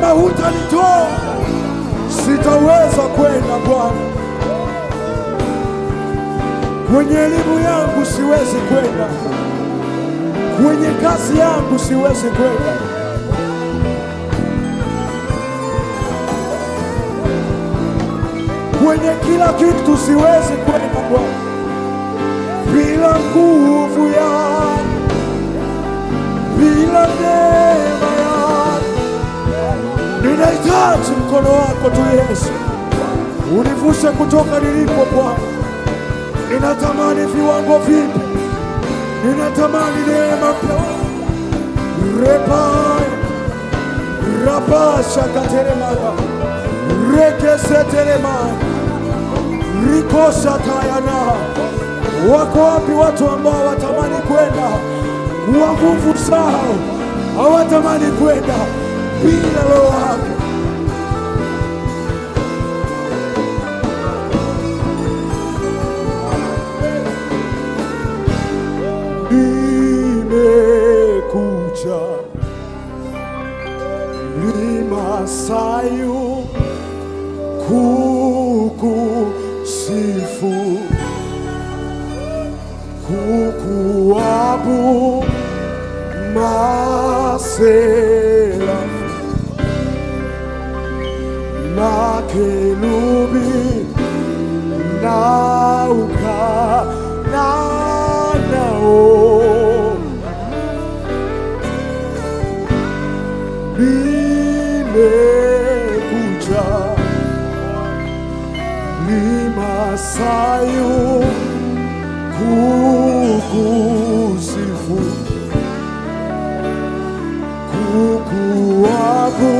kama hutanitoa sitaweza kwenda Bwana, kwenye elimu yangu siwezi kwenda, kwenye kazi yangu siwezi kwenda. Kwenye kila kitu siwezi kwenda Bwana bila nguvu ya Tunahitaji mkono wako tu Yesu, univushe kutoka nilipo Bwana. Ninatamani viwango vipi? Ninatamani neema mpya. repa rapashakatelemaya rikosa tayana. Wako wapi watu ambao watamani kwenda Wa nguvu zao, hawatamani kwenda bila roho yako Sayuni kukusifu, kukuabu masela makelubi na ukananao I'm cucu se foi cucu abu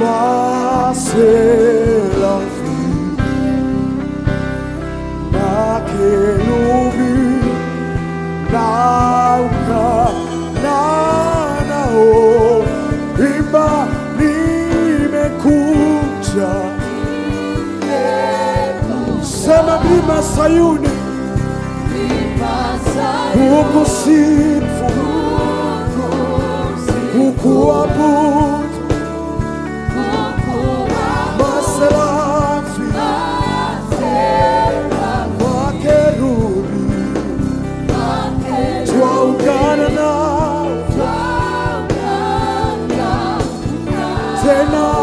mas ela vi na que não vi na alca na Mlima Sayuni kukusifu, kukuabudu maserafi, makerubi twaungana nao tena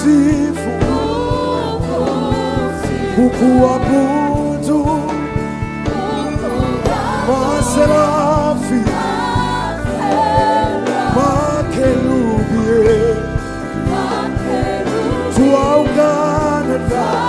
kusifu, kukuabudu, maserafi, makerubie, tuaungane nawe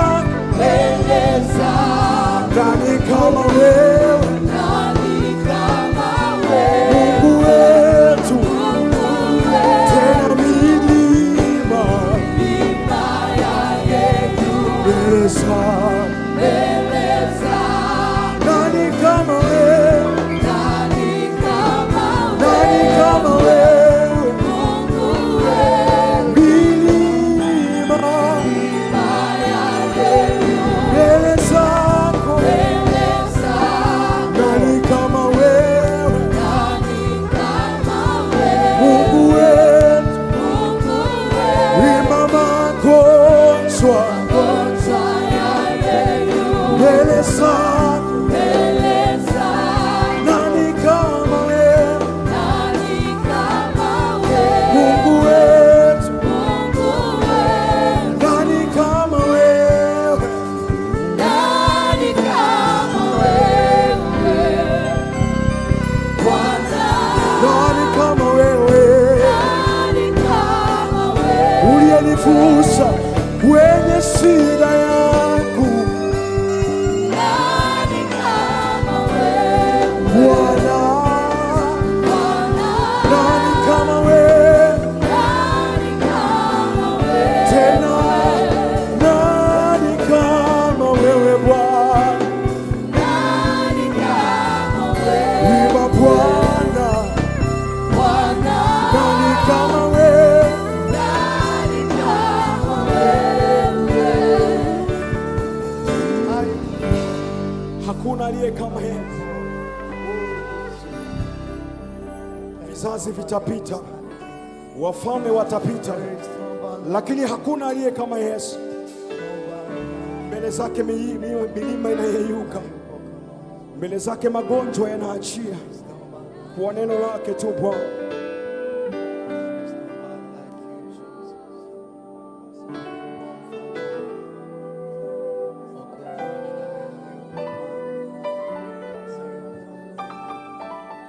Islam. aliye kama Vizazi vitapita, wafalme watapita, lakini hakuna aliye kama Yesu. Mbele zake milima inayeyuka, mbele zake magonjwa yanaachia, kwa neno lake tu Bwana.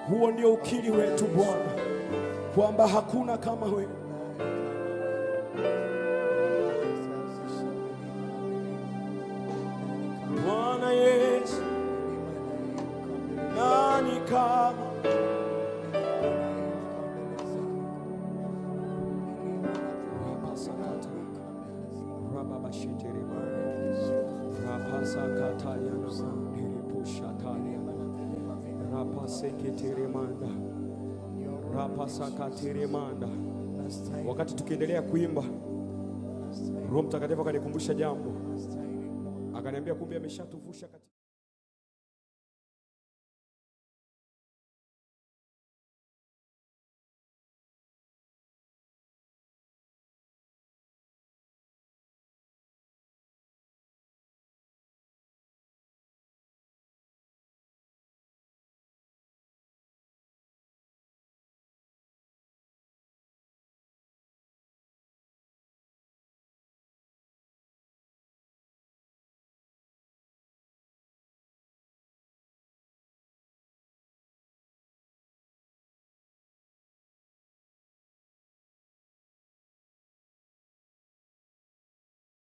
Huo ndio ukiri wetu Bwana, kwamba hakuna kama wewe. Bwana Yesu, nani kama Wakati tukiendelea kuimba, Roho Mtakatifu akanikumbusha jambo, akaniambia kumbe ameshatuvusha katika